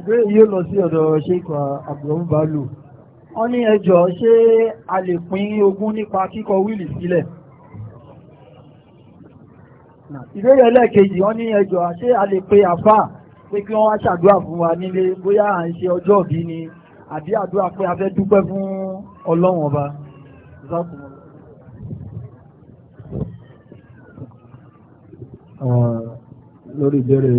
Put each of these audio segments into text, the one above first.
ìbéèrè yóò lọ sí ọ̀dọ̀ ṣéèkọ̀ Abdulrahman Balu wọ́n ní ẹjọ́ ṣé a lè pín ogún nípa kíkọ wíìlì sílẹ̀ ìbéèrè ẹlẹ́ẹ̀kejì wọ́n ní ẹjọ́ ṣé a lè pe àfà pé kí wọ́n wá ṣàdúrà fún wa nílé bóyá à ń ṣe ọjọ́ òbí ni àbí àdúrà pé a fẹ́ dúpẹ́ fún ọlọ́run ọba lórí ìbéèrè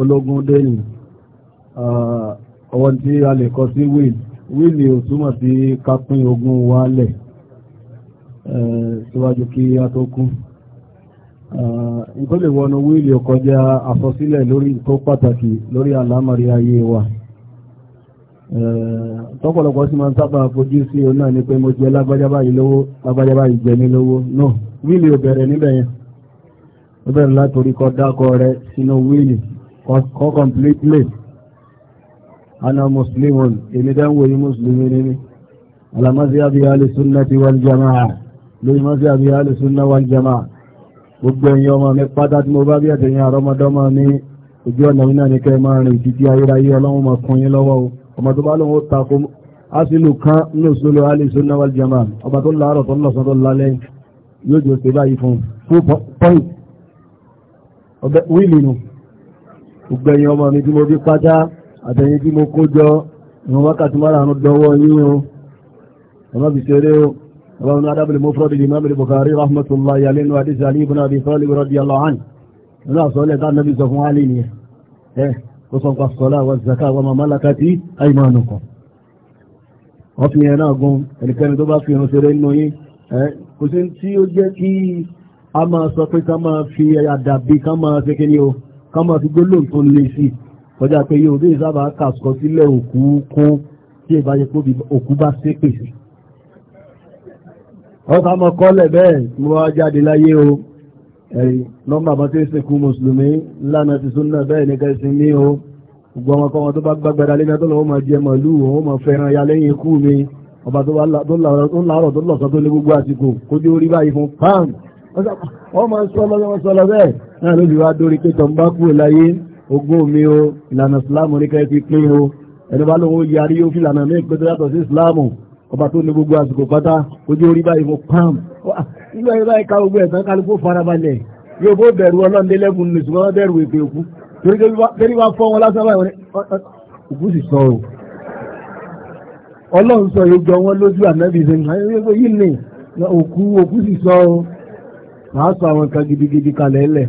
ológun dẹ́yìn ọwọ́n tí a lè kọ sí wíìlì wíìlì ò túmọ̀ sí kápín ogún wálẹ̀ síwájú kí a tó kú nǹkan lè wọnú wíìlì ó kọjá àfọsílẹ̀ lórí tó pàtàkì lórí àlámọ̀rí ayé wa tọ́pọ̀lọpọ̀ sí máa ń sábà fojú sí o náà ni pé mo jẹ lágbájá báyìí lówó lágbájá báyìí jẹ mí lówó no wíìlì ò bẹ̀rẹ̀ níbẹ̀ yẹn ó bẹ̀rẹ̀ látòrí kọ dákọ rẹ sínú wíìlì kọ complete plate أنا مسلم إمدان وهي مسلمين على مذهب أهل السنة والجماعة لمذهب أهل السنة والجماعة gbogbo ẹ̀yin ọmọ mi pátá tí mo bá bí ẹ̀tẹ̀yìn àrọmọdọ́mọ mi ojú ọ̀nà iná ní kẹ́ máa rìn títí ayérayé ọlọ́run máa kún yín lọ́wọ́ o ọmọ tó bá lóun ó takò asìlù kan ní òṣèlú alìsù náwàl jama ọba tó láàárọ̀ tó lọ́sàn tó lálẹ́ yóò jò sí báyìí fún fún pọ́ìn ọbẹ̀ wíìlì nù gbogbo ọmọ mi tí mo bí pátá àtẹ̀yìn tí mo kó jọ àwọn wákàtí márùn-ún dánwọ́ yín o ọmọ fi ṣeré o ọmọ ní adábìlì mufradi Imam Bukhari rahmatullahi alayhi wa hadith Ali ibn Abi Talib radiyallahu anhu nínú àsọlẹ̀ tá nàbí sọ fún alì nìyẹn ẹ kó sọ pa sọlá wa zaka wa mamalakati aymanukum wọ́n fi yẹn náà gun ẹnikẹ́ni tó bá fi irun ṣeré nínú yín kò sí tí ó jẹ́ kí a máa sọ pé ká máa fi àdàbí ká máa ṣe kí ni o ká máa fi gbólóǹtò lè sí i kọjá pé yóò bí ìsábà kà sọ sílẹ̀ òkú kún tí ìbáṣepọ̀ òkú bá ṣépè sí ọ̀sá mọ̀ kọ́lẹ̀ bẹ́ẹ̀ mo wá jáde láyé o ẹ̀rí nọ́mbà bá tí ó sìnkú mùsùlùmí lánà ti súnnà bẹ́ẹ̀ ní kẹsì ní o gbogbo ọmọ kan tó bá gbàgbàdà lé náà tó lọ́wọ́ máa jẹ màálù òun máa fẹ́ràn ya lẹ́yìn ikú mi ọba tó láàárọ̀ tó lọ́sàn tó lé gbogbo àsìkò kó dé orí báyìí fún pam ọ máa ń sọ lọ́wọ́ sọ lọ náà ló wá dórí pé tọ́ ń bá kúrò láyé ogún mi o ìlànà islamu ní kẹ́ẹ̀kì pín o ẹni bá lóun ó yarí yóò fi ìlànà mí pẹ́ tó yàtọ̀ sí islamu ọba tó ní gbogbo àsìkò pátá ojú orí báyìí mo pam nígbà yìí báyìí ká gbogbo ẹ̀sán kálukú farabalẹ̀ yóò bó bẹ̀rù ọlọ́ndé lẹ́kùn ní ṣùgbọ́n bẹ̀rù èpè òkú torí kẹ́rí wá fọ́ wọn lásán báyìí òkú sì sọ o ọlọ́run sọ yóò jọ wọn lójú ànábì ìṣẹ́yìn yìí ni òkú òkú sì sọ o màá sọ àwọn kan gidigidi kalẹ̀ lẹ̀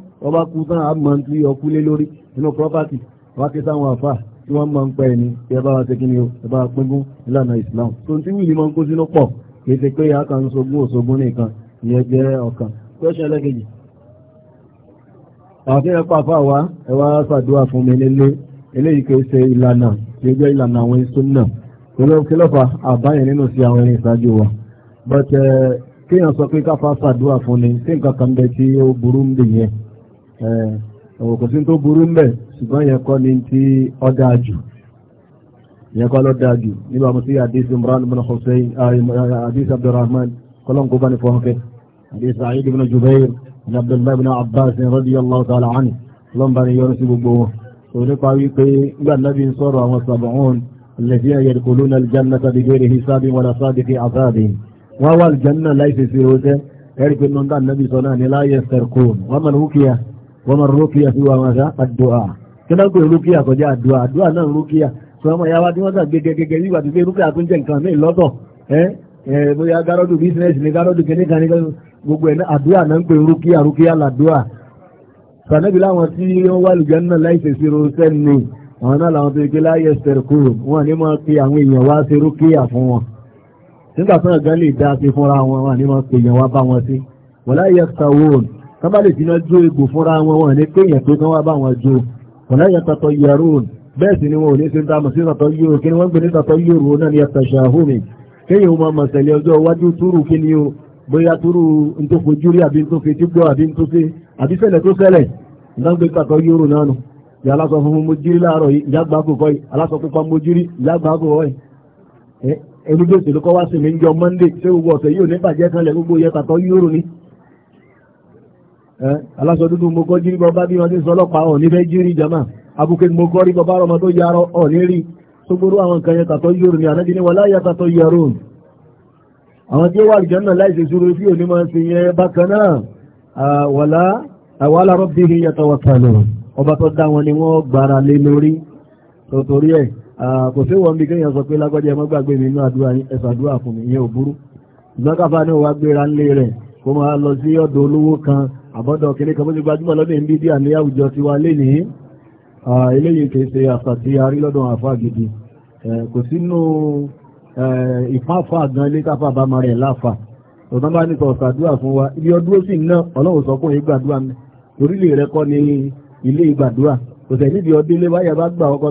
wọ́n bá kú tán àmọ́ tí ọkú lórí nínú property wọ́n ké sáwọn àfà tí wọ́n máa ń pẹ́ ẹni tí ẹ bá wa tẹ́kí ni o ẹ bá wa pínkún ìlànà Islam tó tí wìlì máa ń kó sínú pọ̀ kì í ṣe pé a kan sogún òsogún nìkan ìyẹn jẹ́ ọ̀kan question ẹlẹ́gẹ̀jì àwọn tí wa ẹ wá ṣàdúrà fún mi nílé eléyìí kì í ṣe ìlànà tí ó jẹ́ ìlànà àwọn sunnah kílọ́fà àbáyẹn nínú sí àwọn ẹni ìṣáájú wa but eh, kéèyàn sọ pé káfà ṣàdúrà fún ni sí nǹkan kan bẹ tí ó burú ń bì yẹn kò sí tó burú ń bẹ̀ ṣùgbọ́n yẹn kọ́ ni tí ó dáa jù yẹn kọ́ ló dáa jù nígbà mo sí hadith Imran ibn Hussein ah, ah, hadith Abdurrahman kọ́lọ́n kó bá ní fọ́n fẹ́ hadith Sa'id ibn Jubair ní Abdullahi ibn Abbas radiyallahu ta'ala anhu kọ́lọ́n bá ní yọrọ sí gbogbo wọn tó nípa wípé nígbà nábì ń sọ̀rọ̀ àwọn sàbọ̀n الذين يدخلون الجنة بغير حساب ولا صادق عذاب وهو الجنة ليس سيروسه يعرف أن النبي صلى الله عليه وسلم لا يسترقون ومن وكيه wọ́n máa rókíyà sí wa máa ṣá àdúà kí náà pé rókíyà kọjá àdúà àdúà náà rókíyà sọ ọmọ ìyá wa tí wọ́n sà gẹ́gẹ́gẹ́gẹ́ yíwà tí pé rókíyà tó ń jẹ́ nǹkan mí lọ́tọ̀ ẹ́ bóyá gárọ́dù bísínẹ́sì ní gárọ́dù kìíní kan ní gbogbo ẹ̀ àdúà náà ń pè rókíyà rókíyà làdúà sànẹ́bí láwọn tí wọ́n wà lùjẹ́ náà láìsẹ̀ sí rosẹ́n ni àwọn náà làwọn tó yẹ pé láyé sẹ̀rkúrò wọn ní máa pe àwọn èèyàn wá sí rókíyà fún wọn nígbà tó ọ̀gá lè dá sí wọ́n tán bá lè fi náà jó egbò fúnra wọn wọn ní kéèyàn pé kán wá bá wọn jó ọ̀nà tọ́tọ́ yẹrùn bẹ́ẹ̀ sì ni wọn ò ní ṣe ń sí tọ́tọ́ yóò kí ni wọ́n ń gbé ní tọ́tọ́ yóò náà ní ẹ̀tọ́ ṣàhómi kéèyàn máa mọ̀ sẹ̀lẹ̀ ọjọ́ iwájú túrù kí ni o bóyá túrù ń tó fojú rí àbí ń tó fetí gbọ́ àbí ń tó ṣe àbí ṣẹlẹ̀ tó ṣẹlẹ̀ ìdáǹgbé tọ́tọ́ yóò náà nù ìyá aláṣọ funfun mojírí láàárọ̀ yìí ìyá gbàgbọ́ kọ́ yìí aláṣọ pupa mojírí ìyá gbàgbọ́ kọ́ yìí Eh? aláṣọ dúdú mo kọ́ jírí bọ́bá bí wọ́n ti sọ ọlọ́pàá ọ̀ nífẹ̀ẹ́ jírí jama abuké mo kọ́ rí bọ́bá ọmọ tó yarọ ọ̀ ní rí tó gbóró àwọn nǹkan yẹn tàtọ́ yóò rìn àná ní wọn láyà tàtọ́ yarọ àwọn tí ó wà lùjọ́ náà láì ṣèṣúró sí òní máa ń sin yẹn bákan náà wàlá àwọn alárọ̀ bí yàtọ̀ wàtàlẹ̀ ọba tó dá wọn ni wọ́n gbára lé lórí tòtòrí ẹ̀ kò sí wọn bí kéèyàn sọ pé lágbájá ẹ gbàgbé mi inú àdúrà ẹ̀sàdúrà fún mi ìyẹn ò burú ìgbọ́n káfá ní gbéra ńlé rẹ̀ kó máa lọ sí ọ̀dọ̀ olówó kan àbọ́dọ̀ kìíní kan mọ́jú gbajúmọ̀ lọ́dún ìbí díà ní àwùjọ ti wa lè ní eléyìí kìí ṣe àṣà a lọ́dún àfà gidi kò sínú ìfáfà gan ilé káfà bá ma rẹ̀ láfà ọ̀dán bá ní a ṣàdúrà fún wa ibi ọdún ó sì ná ọlọ́run sọ fún ìgbàdúrà rẹ kọ́ ni ilé ìgbàdúrà kò sẹ̀ níbi ọdún ilé bá gbà ọkọ̀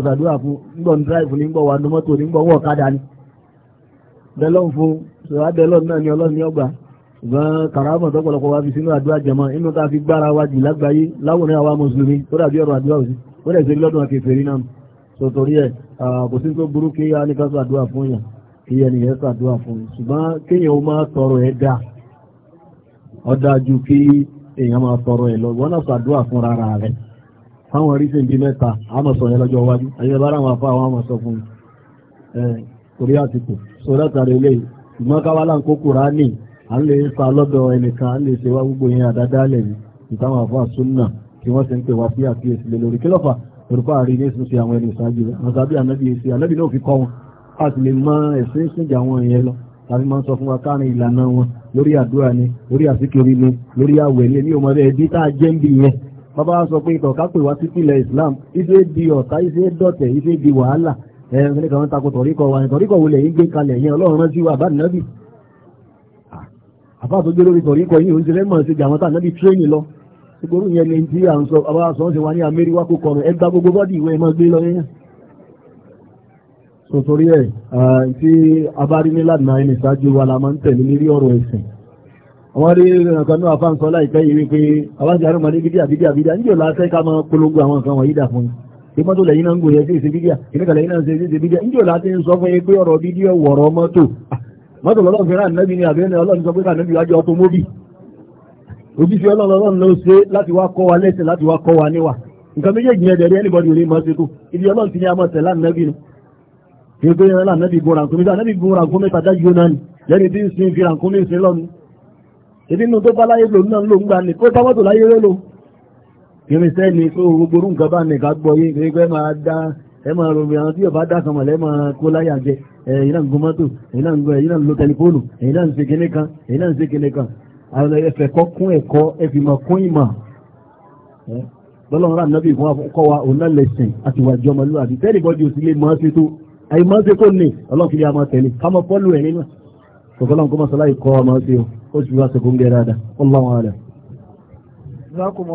fún dráìfù ní mọ́tò ọ̀kadà ni bẹ́lọ́n fún ṣùgbọ́n karamọ̀ tọ́pọ̀lọpọ̀ wa fi sínú àdúrà jẹmọ́ inú ta fi gbára wa jù lágbàáyé láwùrán àwa mùsùlùmí tó dàbí ọ̀rọ̀ àdúrà òsì ó dẹ̀ ṣe lọ́dún àkẹfẹ̀rí náà so torí ẹ̀ kò sí tó burú kí a ní ká sàdúrà fún yàn kí ẹni yẹn sàdúrà fún yàn ṣùgbọ́n kéèyàn ó máa tọrọ ẹ̀ dá ọ̀dà ju kí èèyàn máa tọrọ ẹ̀ lọ wọ́n náà sàdúrà fún rárá rẹ̀ fáwọn oríṣìí bíi mẹ́ta àmọ̀ sọ yẹn lọ́jọ́ iwájú ayé bára àwọn afá àwọn àmọ̀ sọ fún mi torí àtìkù so látàrí ilé ìgbọ́n káwá láǹkó kùrá a lè fa lọ́dọ̀ ẹnìkan a lè ṣe wá gbogbo yẹn àdádálẹ̀ ní ìtàwọn àfáà súnà tí wọ́n ti ń pè wá sí àkíyèsí lé lórí kílọ́fà òrùkọ́ àrí ní ìsúnṣe àwọn ẹni ìsáájú rẹ̀ àwọn sábí ànábì èsì ànábì náà fi kọ́ wọn a sì lè mọ ẹ̀sìn ìsìnjà àwọn ìyẹn lọ tàbí máa ń sọ fún wa káàrin ìlànà wọn lórí àdúrà ni lórí àsìkiri ni lórí àwẹ̀ ni ní ọmọdé ẹbí tá a jẹ́ ń bì yẹn bàbá wa sọ pé ìtọ̀ká pè wá sípìlẹ̀ Islam ife di ọ̀tá ife dọ̀tẹ̀ ife di wàhálà ẹ̀ẹ́n kí ni kàn ń takò tọ̀ríkọ̀ wa ni tọ̀ríkọ̀ wo lẹ̀ yín gbé kalẹ̀ yẹn Ọlọ́run rántí wa àbá àbá tó gbé lórí kọ̀rí kọ̀ yìí oúnjẹ lẹ́mọ̀ ṣe jàmọ́tà nábì tírénì lọ gbogbo yẹn ni tí à ń sọ àbá sọ ń ṣe wá ní amẹ́ríwá kó kọrùn ẹgbà gbogbo bọ́dì ìwé ẹmọ gbé lọ yẹn so torí tí a bá rí nílànà ẹni ìṣáájú wa la máa ń tẹ̀lé lérí ọ̀rọ̀ ẹ̀sìn àwọn rí nǹkan náà fà ń sọ láìpẹ́ yìí wípé àwájú àrùn mọ́ni bídíà bídíà bídíà níjò láṣẹ ká máa polongo àwọn nǹkan wọ̀nyí dà fún yín mọ́tò lẹ́yìn náà ń gòyẹ sí ìṣe mọ́tò lọ́lọ́run fẹ́ràn ànábì ni àbẹ́ni ọlọ́run sọ pé kànábì wájú ọkọ̀ móbì òjíṣẹ́ ọlọ́run ló ṣe láti wá kọ́ wa lẹ́sẹ̀ láti wá kọ́ wa níwà nǹkan méjèèjì yẹn dẹ̀rẹ́ anybody ò ní mọ́ sí kù ibi ọlọ́run ti ní amọ̀ tẹ̀lá ànábì ni kí pé ẹran ànábì gun rànkúmí sí ànábì gun rànkúmí tàdá yóò náà ni lẹ́ni tí ń sin fi rànkúmí sí lọ́nu ìdí inú tó bá láyé lò náà ló ń gbà ní kó bá mọ́tò láyé rẹ́ lò irinṣẹ́ ni pé gbogbo orú nǹkan bá nìkan gbọ́ yé pé máa dá ẹ máa rọrùn àwọn tí ọba dákan mọ̀lẹ́ máa kó láyà jẹ ẹ̀yìn náà ń gun mọ́tò ẹ̀yìn náà ń gun ẹ̀yìn náà ń lo tẹlifóònù ẹ̀yìn náà ń ṣe kíní kan ẹ̀yìn náà ń ṣe kíní kan àwọn ẹ̀fẹ̀ kọ́ kún ẹ̀kọ́ ẹ̀fìmọ̀ kún ìmọ̀ lọ́lọ́run rà nábì fún akọ́ wa òun náà lẹ̀sìn àti ìwà ìjọmọ lúwà bí tẹ́lẹ̀ bọ́jú sí lè máa ṣe tó àyè máa ṣe kó ní ọlọ́run kìlẹ̀ àmọ́ tẹ̀lé ká mọ́ fọ́lù ẹ̀ nínú ọ̀gọ́lọ́run kó